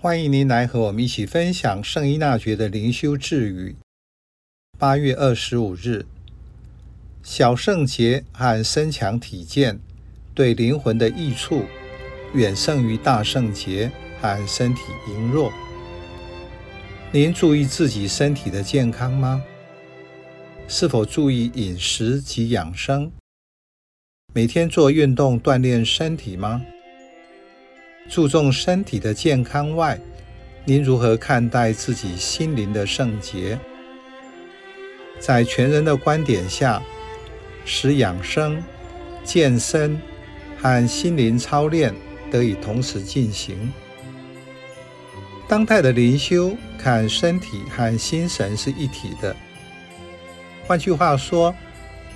歡迎您來和我們一起分享聖依納爵的靈修智語。八月二十五日，小聖潔和身強體健對靈魂的益處，遠勝於大聖潔和身體羸弱。您注意自己身體的健康嗎？是否注意飲食及養生？每天做運動鍛鍊身體嗎？注重身體的健康外，您如何看待自己心靈的聖潔？在全人的觀點下，使養生、健身和心靈操練得以同時進行。當代的靈修看身體和心神是一體的。換句話說，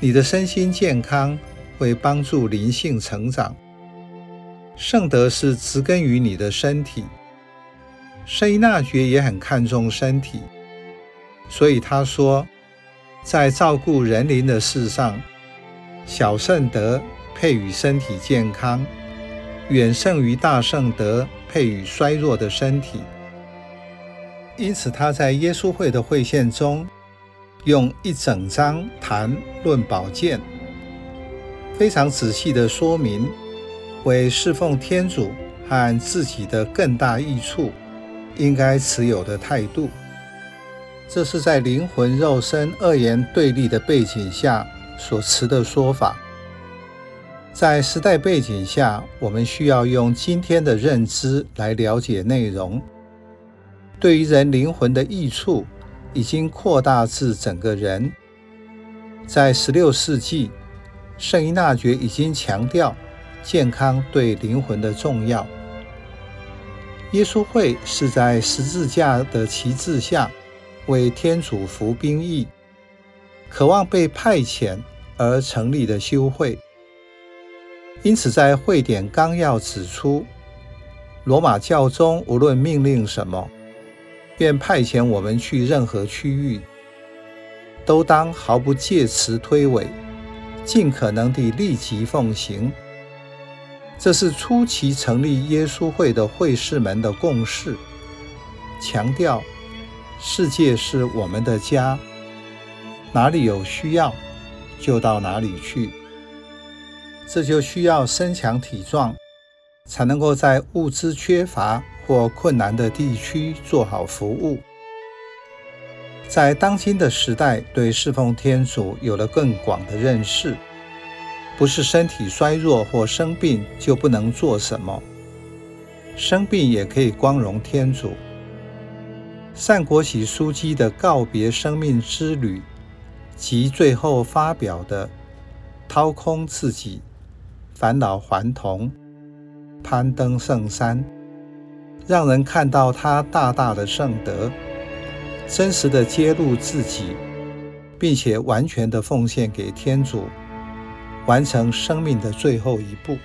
你的身心健康會幫助靈性成長。聖德是植根於你的身體，聖依納爵也很看重身體，所以他說，在照顧人靈的事上，小聖德配與身體健康，遠勝於大聖德配與衰弱的身體。因此，他在耶穌會的會憲中，用一整章談論保健，非常仔細地說明。為侍奉天主和自己的更大益處，應該持有的態度。這是在靈魂肉身二元對立的背景下所持的說法。在時代背景下，我們需要用今天的認知來了解內容。對於人靈魂的益處，已經擴大至整個人。在16世紀，聖依納爵已經強調。健康對靈魂的重要。耶穌會是在十字架的旗幟下為天主服兵役，渴望被派遣而成立的修會。因此，在會典綱要指出，羅馬教宗無論命令什麼，願派遣我們去任何區域，都當毫不藉詞推諉，盡可能地立即奉行。這是初期成立耶穌會的會士們的共識，強調世界是我們的家，哪裡有需要就到哪裡去。這就需要身強體壯，才能夠在物資缺乏或困難的地區做好服務。在當今的時代，對侍奉天主有了更廣的認識。不是身體衰弱或生病就不能做什麼？生病也可以光榮天主。單國璽樞機的告別生命之旅及最後發表的，掏空自己、返老還童、攀登聖山，讓人看到他大大的聖德，真實的揭露自己，並且完全的奉獻給天主。完成生命的最後一步。